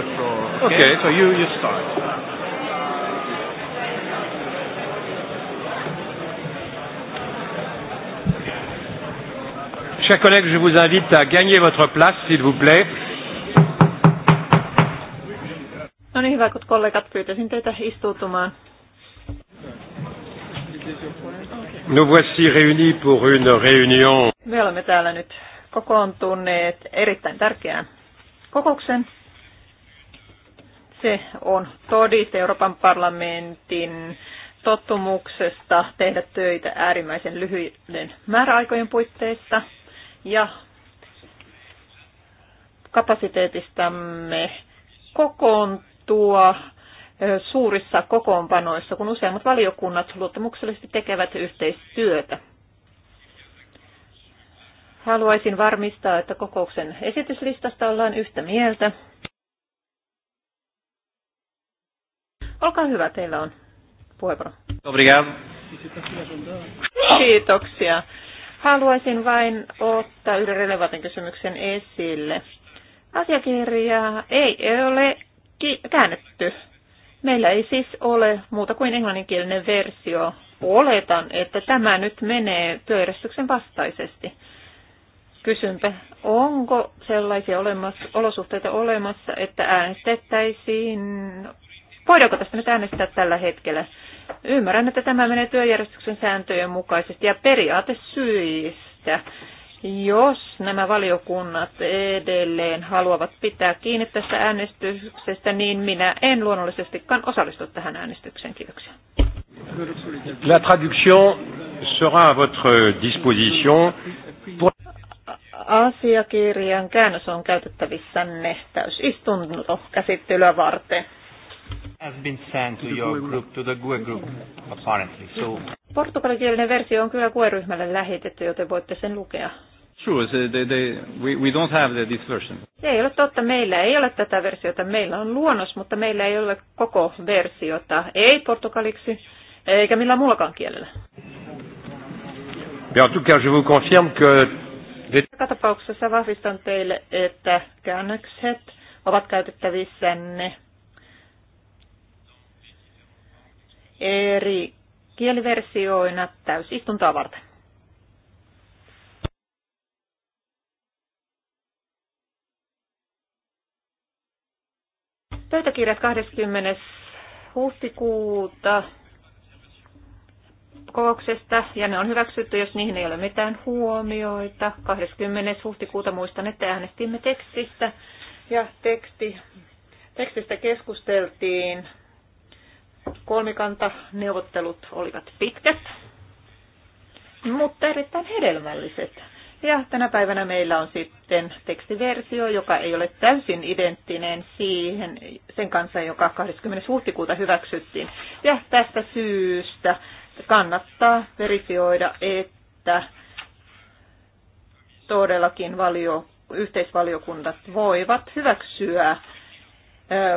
the floor. Okay, okay so you, you start. Chers collègues, je vous invite à gagner votre place, s'il vous plaît. No niin, hyvät kollegat, pyytäisin teitä istuutumaan. Nous voici réunis pour une réunion. Me olemme täällä nyt kokoontuneet erittäin tärkeään kokouksen se on todiste Euroopan parlamentin tottumuksesta tehdä töitä äärimmäisen lyhyiden määräaikojen puitteissa ja kapasiteetistamme kokoontua suurissa kokoonpanoissa, kun useimmat valiokunnat luottamuksellisesti tekevät yhteistyötä. Haluaisin varmistaa, että kokouksen esityslistasta ollaan yhtä mieltä. Olkaa hyvä, teillä on puheenvuoro. Kiitoksia. Haluaisin vain ottaa yhden relevantin kysymyksen esille. Asiakirjaa ei ole käännetty. Meillä ei siis ole muuta kuin englanninkielinen versio. Oletan, että tämä nyt menee työjärjestyksen vastaisesti. Kysynpä, onko sellaisia olemassa, olosuhteita olemassa, että äänestettäisiin Voidaanko tästä nyt äänestää tällä hetkellä? Ymmärrän, että tämä menee työjärjestyksen sääntöjen mukaisesti ja syistä. Jos nämä valiokunnat edelleen haluavat pitää kiinni tästä äänestyksestä, niin minä en luonnollisestikaan osallistu tähän äänestykseen. Kiitoksia. La traduction sera à votre disposition. Pour... Asiakirjan käännös on käytettävissänne käsittelyä varten. Has been sent to your e group, to the GUE group, apparently. So... versio on kyllä GUE-ryhmälle lähetetty, joten voitte sen lukea. True, they, they, we, we don't have the, this version. Se ei ole totta, meillä ei ole tätä versiota. Meillä on luonnos, mutta meillä ei ole koko versiota. Ei portugaliksi, eikä millään muullakaan kielellä. Bien, en tout cas, je vous confirme que... Joka tapauksessa vahvistan teille, että käännökset ovat käytettävissänne eri kieliversioina täysistuntoa varten. Pöytäkirjat 20. huhtikuuta kokouksesta ja ne on hyväksytty, jos niihin ei ole mitään huomioita. 20. huhtikuuta muistan, että äänestimme tekstistä ja teksti, tekstistä keskusteltiin Kolmikanta neuvottelut olivat pitkät, mutta erittäin hedelmälliset. Ja tänä päivänä meillä on sitten tekstiversio, joka ei ole täysin identtinen siihen, sen kanssa, joka 20. huhtikuuta hyväksyttiin. Ja tästä syystä kannattaa verifioida, että todellakin valio, yhteisvaliokunnat voivat hyväksyä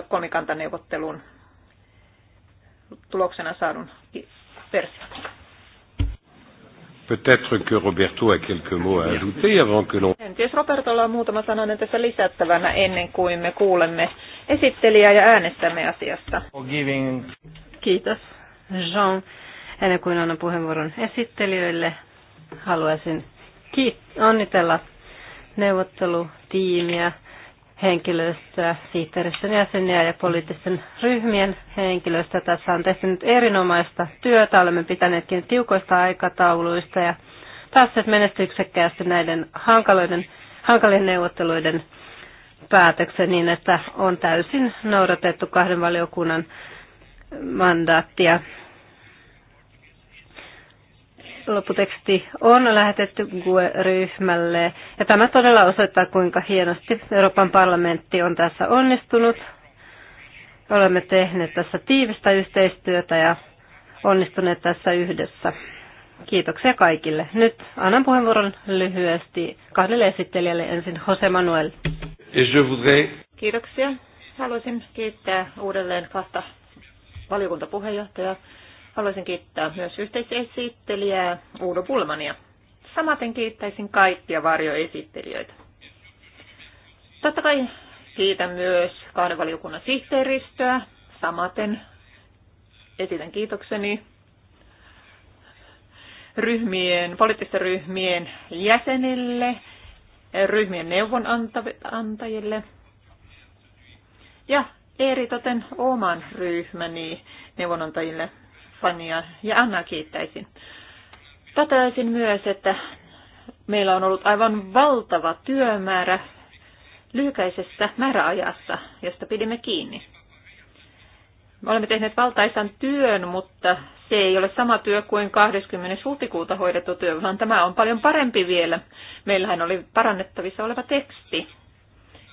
kolmikantaneuvottelun tuloksena saadun versio. Peut-être que Roberto a quelques mots à ajouter avant que l'on... Kenties Robertolla on muutama sananen tässä lisättävänä ennen kuin me kuulemme esittelijää ja äänestämme asiasta. Kiitos Jean. Ennen kuin annan puheenvuoron esittelijöille, haluaisin kiit- onnitella neuvottelutiimiä henkilöstöä, sihteeristön jäseniä ja poliittisten ryhmien henkilöstöä. Tässä on tehty nyt erinomaista työtä, olemme pitäneetkin tiukoista aikatauluista ja päässeet menestyksekkäästi näiden hankaloiden, hankalien neuvotteluiden päätöksen niin, että on täysin noudatettu kahden valiokunnan mandaattia lopputeksti on lähetetty GUE-ryhmälle. Ja tämä todella osoittaa, kuinka hienosti Euroopan parlamentti on tässä onnistunut. Olemme tehneet tässä tiivistä yhteistyötä ja onnistuneet tässä yhdessä. Kiitoksia kaikille. Nyt annan puheenvuoron lyhyesti kahdelle esittelijälle ensin Jose Manuel. Kiitoksia. Haluaisin kiittää uudelleen kahta valiokuntapuheenjohtajaa Haluaisin kiittää myös yhteisesittelijää Uudo Pulmania. Samaten kiittäisin kaikkia varjoesittelijöitä. Totta kai kiitän myös kahden valiokunnan sihteeristöä. Samaten esitän kiitokseni ryhmien, poliittisten ryhmien jäsenille, ryhmien neuvonantajille ja eritoten oman ryhmäni neuvonantajille Stefania ja Anna kiittäisin. Toteaisin myös, että meillä on ollut aivan valtava työmäärä lyhykäisessä määräajassa, josta pidimme kiinni. Me olemme tehneet valtaisan työn, mutta se ei ole sama työ kuin 20. huhtikuuta hoidettu työ, vaan tämä on paljon parempi vielä. Meillähän oli parannettavissa oleva teksti.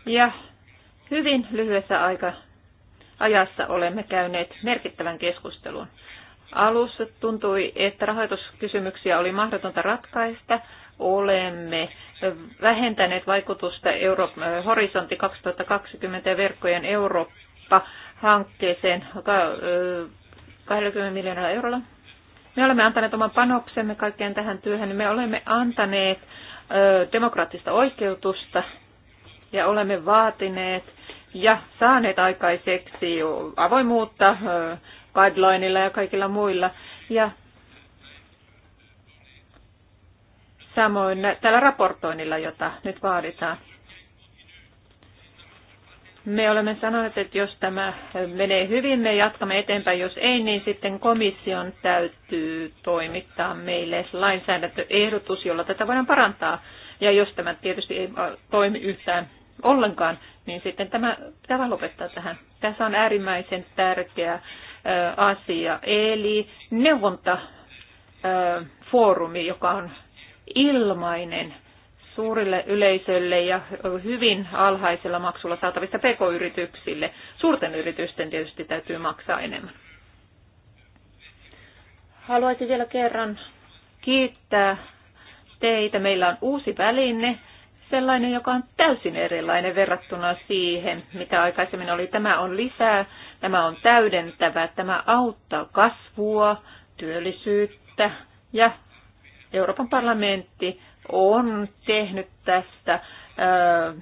Ja hyvin lyhyessä aika ajassa olemme käyneet merkittävän keskustelun. Alussa tuntui, että rahoituskysymyksiä oli mahdotonta ratkaista. Olemme vähentäneet vaikutusta Euro- Horisontti 2020 verkkojen Eurooppa-hankkeeseen 20 miljoonaa eurolla. Me olemme antaneet oman panoksemme kaikkeen tähän työhön. me olemme antaneet demokraattista oikeutusta ja olemme vaatineet ja saaneet aikaiseksi avoimuutta guidelineilla ja kaikilla muilla. Ja samoin tällä raportoinnilla, jota nyt vaaditaan. Me olemme sanoneet, että jos tämä menee hyvin, me jatkamme eteenpäin. Jos ei, niin sitten komission täytyy toimittaa meille lainsäädäntöehdotus, jolla tätä voidaan parantaa. Ja jos tämä tietysti ei toimi yhtään ollenkaan, niin sitten tämä, tämä lopettaa tähän. Tässä on äärimmäisen tärkeää asia, eli neuvontafoorumi, joka on ilmainen suurille yleisölle ja hyvin alhaisella maksulla saatavista pk-yrityksille. Suurten yritysten tietysti täytyy maksaa enemmän. Haluaisin vielä kerran kiittää teitä. Meillä on uusi väline sellainen, joka on täysin erilainen verrattuna siihen, mitä aikaisemmin oli. Tämä on lisää, tämä on täydentävä, tämä auttaa kasvua, työllisyyttä ja Euroopan parlamentti on tehnyt tästä ö,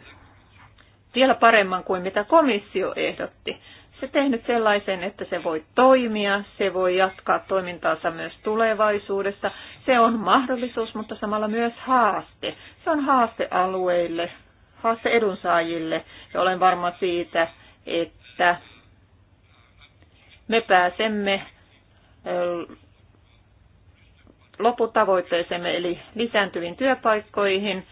vielä paremman kuin mitä komissio ehdotti se tehnyt sellaisen, että se voi toimia, se voi jatkaa toimintaansa myös tulevaisuudessa. Se on mahdollisuus, mutta samalla myös haaste. Se on haaste alueille, haaste edunsaajille ja olen varma siitä, että me pääsemme loputavoitteeseemme eli lisääntyviin työpaikkoihin,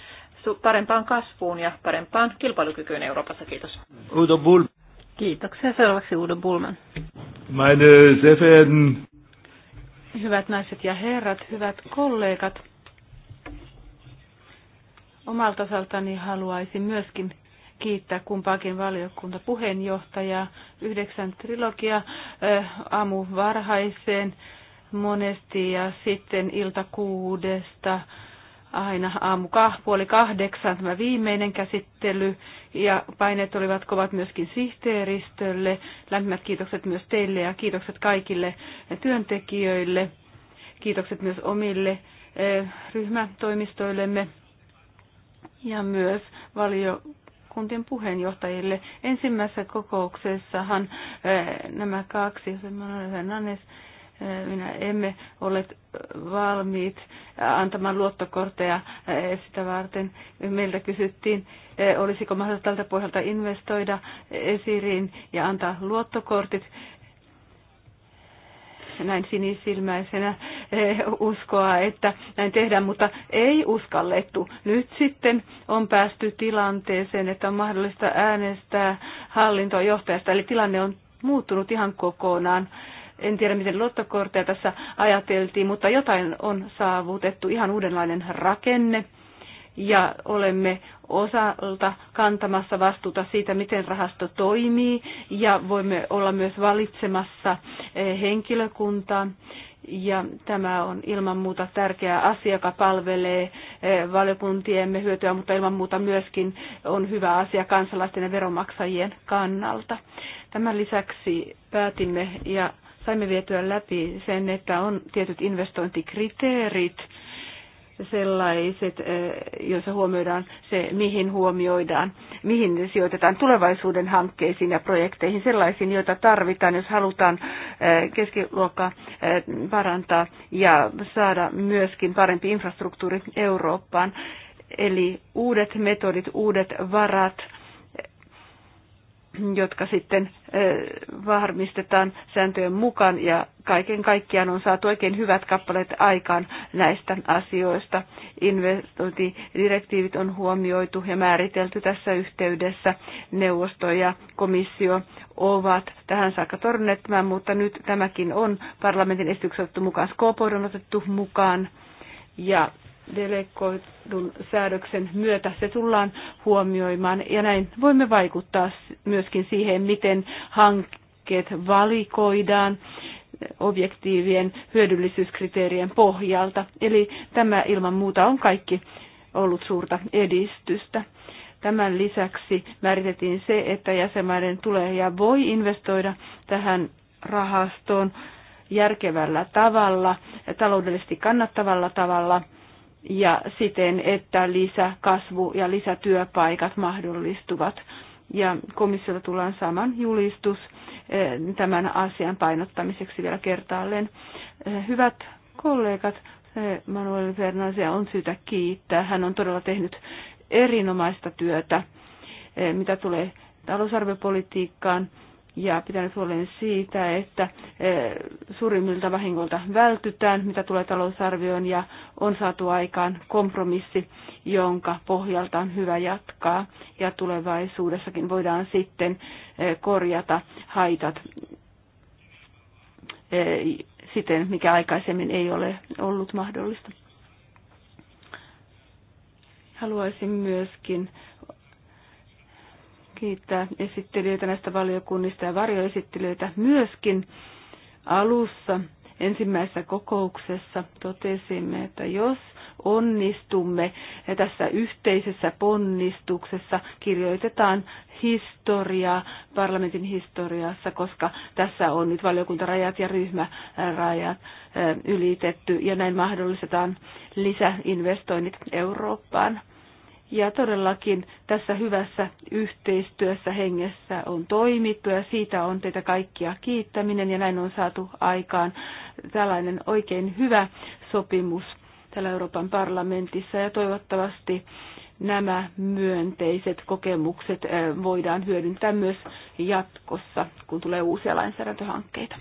parempaan kasvuun ja parempaan kilpailukykyyn Euroopassa. Kiitos. Udo Bull, Kiitoksia. Seuraavaksi Udo Bulman. Meine sehr verehrten... Hyvät naiset ja herrat, hyvät kollegat. Omalta osaltani haluaisin myöskin kiittää kumpaakin valiokunta puheenjohtajaa. Yhdeksän trilogia eh, aamu varhaiseen monesti ja sitten ilta kuudesta aina aamu kah, puoli kahdeksan tämä viimeinen käsittely ja paineet olivat kovat myöskin sihteeristölle. Lämpimät kiitokset myös teille ja kiitokset kaikille työntekijöille. Kiitokset myös omille eh, ryhmätoimistoillemme ja myös valiokuntien puheenjohtajille. Ensimmäisessä kokouksessahan eh, nämä kaksi, Fernandes minä emme ole valmiit antamaan luottokortteja sitä varten. Meiltä kysyttiin, olisiko mahdollista tältä pohjalta investoida esiriin ja antaa luottokortit näin sinisilmäisenä uskoa, että näin tehdään, mutta ei uskallettu. Nyt sitten on päästy tilanteeseen, että on mahdollista äänestää hallintojohtajasta, eli tilanne on muuttunut ihan kokonaan. En tiedä, miten luottokortteja tässä ajateltiin, mutta jotain on saavutettu, ihan uudenlainen rakenne. Ja olemme osalta kantamassa vastuuta siitä, miten rahasto toimii, ja voimme olla myös valitsemassa eh, henkilökuntaa. Ja tämä on ilman muuta tärkeä asia, joka palvelee eh, valiokuntiemme hyötyä, mutta ilman muuta myöskin on hyvä asia kansalaisten ja veronmaksajien kannalta. Tämän lisäksi päätimme ja saimme vietyä läpi sen, että on tietyt investointikriteerit, sellaiset, eh, joissa huomioidaan se, mihin huomioidaan, mihin sijoitetaan tulevaisuuden hankkeisiin ja projekteihin, sellaisiin, joita tarvitaan, jos halutaan eh, keskiluokka eh, parantaa ja saada myöskin parempi infrastruktuuri Eurooppaan. Eli uudet metodit, uudet varat, jotka sitten varmistetaan sääntöjen mukaan ja kaiken kaikkiaan on saatu oikein hyvät kappaleet aikaan näistä asioista. Investointidirektiivit on huomioitu ja määritelty tässä yhteydessä. Neuvosto ja komissio ovat tähän saakka torneet tämän, mutta nyt tämäkin on parlamentin esityksessä otettu mukaan. Skopod on otettu mukaan ja delegoidun säädöksen myötä se tullaan huomioimaan ja näin voimme vaikuttaa myöskin siihen, miten hankkeet valikoidaan objektiivien hyödyllisyyskriteerien pohjalta. Eli tämä ilman muuta on kaikki ollut suurta edistystä. Tämän lisäksi määritettiin se, että jäsenmaiden tulee ja voi investoida tähän rahastoon järkevällä tavalla, taloudellisesti kannattavalla tavalla – ja siten, että lisäkasvu ja lisätyöpaikat mahdollistuvat. Ja komissiolta tullaan saman julistus eh, tämän asian painottamiseksi vielä kertaalleen. Eh, hyvät kollegat, eh, Manuel Fernandesia on syytä kiittää. Hän on todella tehnyt erinomaista työtä, mitä tulee talousarviopolitiikkaan ja pitänyt huolen siitä, että eh, suurimmilta vahingoilta vältytään, mitä tulee talousarvioon ja on saatu aikaan kompromissi, jonka pohjalta on hyvä jatkaa ja tulevaisuudessakin voidaan sitten eh, korjata haitat eh, siten, mikä aikaisemmin ei ole ollut mahdollista. Haluaisin myöskin kiittää esittelijöitä näistä valiokunnista ja varjoesittelijöitä myöskin alussa ensimmäisessä kokouksessa totesimme, että jos onnistumme ja tässä yhteisessä ponnistuksessa kirjoitetaan historiaa parlamentin historiassa, koska tässä on nyt valiokuntarajat ja ryhmärajat ylitetty ja näin mahdollistetaan lisäinvestoinnit Eurooppaan. Ja todellakin tässä hyvässä yhteistyössä hengessä on toimittu ja siitä on teitä kaikkia kiittäminen ja näin on saatu aikaan tällainen oikein hyvä sopimus täällä Euroopan parlamentissa ja toivottavasti nämä myönteiset kokemukset eh, voidaan hyödyntää myös jatkossa, kun tulee uusia lainsäädäntöhankkeita.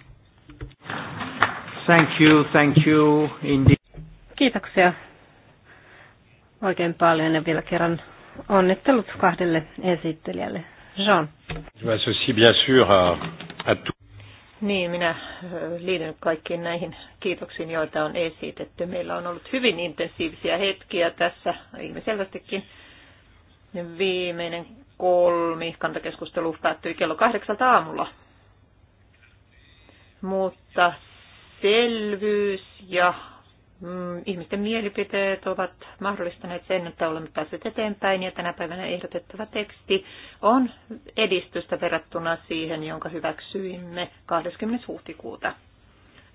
Thank you, thank you indeed. Kiitoksia oikein paljon ja vielä kerran onnittelut kahdelle esittelijälle. Jean. Niin, minä äh, liityn kaikkiin näihin kiitoksiin, joita on esitetty. Meillä on ollut hyvin intensiivisiä hetkiä tässä, ilmiselvästikin. Viimeinen kolmi kantakeskustelu päättyi kello kahdeksalta aamulla. Mutta selvyys ja Mm, ihmisten mielipiteet ovat mahdollistaneet sen, että olemme päässeet eteenpäin ja tänä päivänä ehdotettava teksti on edistystä verrattuna siihen, jonka hyväksyimme 20. huhtikuuta.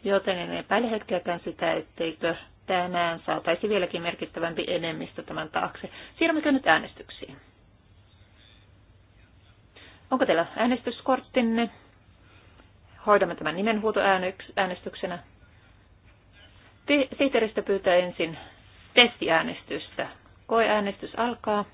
Joten en epäile hetkeäkään sitä, etteikö tänään saataisi vieläkin merkittävämpi enemmistö tämän taakse. Siirrymmekö nyt äänestyksiin? Onko teillä äänestyskorttinne? Hoidamme tämän nimenhuutoäänestyksenä. Äänestyksenä. Sihteeristö pyytää ensin testiäänestystä. Koeäänestys alkaa.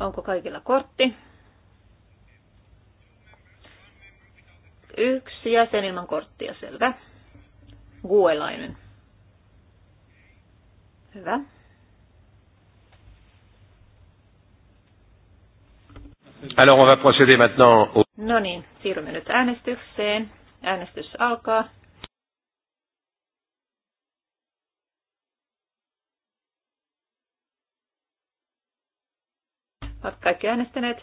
Onko kaikilla kortti? Yksi jäsen ilman korttia, selvä. Guelainen. Hyvä. Alors on va procéder maintenant au... No niin, siirrymme nyt äänestykseen. Äänestys alkaa. Ovat kaikki äänestäneet.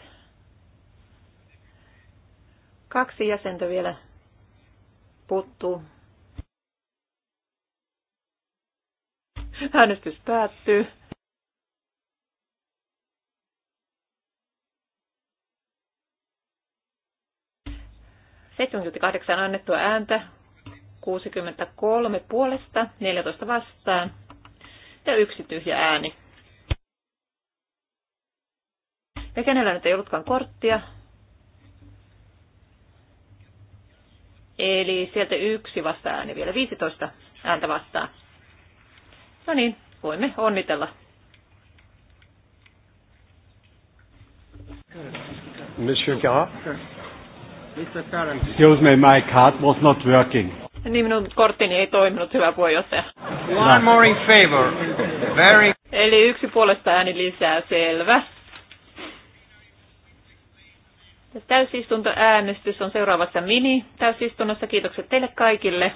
Kaksi jäsentä vielä puuttuu. Äänestys päättyy. Seitsemänkymmentäkahdeksan annettua ääntä, 63 puolesta, 14 vastaan ja yksi tyhjä ääni. Ja kenellä nyt ei ollutkaan korttia. Eli sieltä yksi vasta ääni vielä, 15 ääntä vastaan. No niin, voimme onnitella. Monsieur Gara? Excuse me, my card was not working. Niin minun korttini ei toiminut, hyvä puheenjohtaja. One more in favor. Very... Eli yksi puolesta ääni lisää, selvä. Täysistuntoäänestys on seuraavassa mini-täysistunnossa. Kiitokset teille kaikille.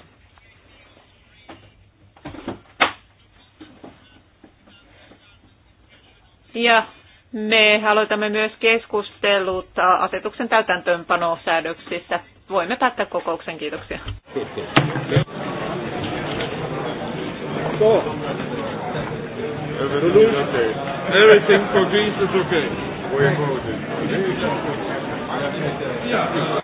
Ja me aloitamme myös keskustelut asetuksen täytäntöönpanosäädöksissä. Voimme päättää kokouksen. Kiitoksia. everything, for Greece is okay. We're voting. Yeah.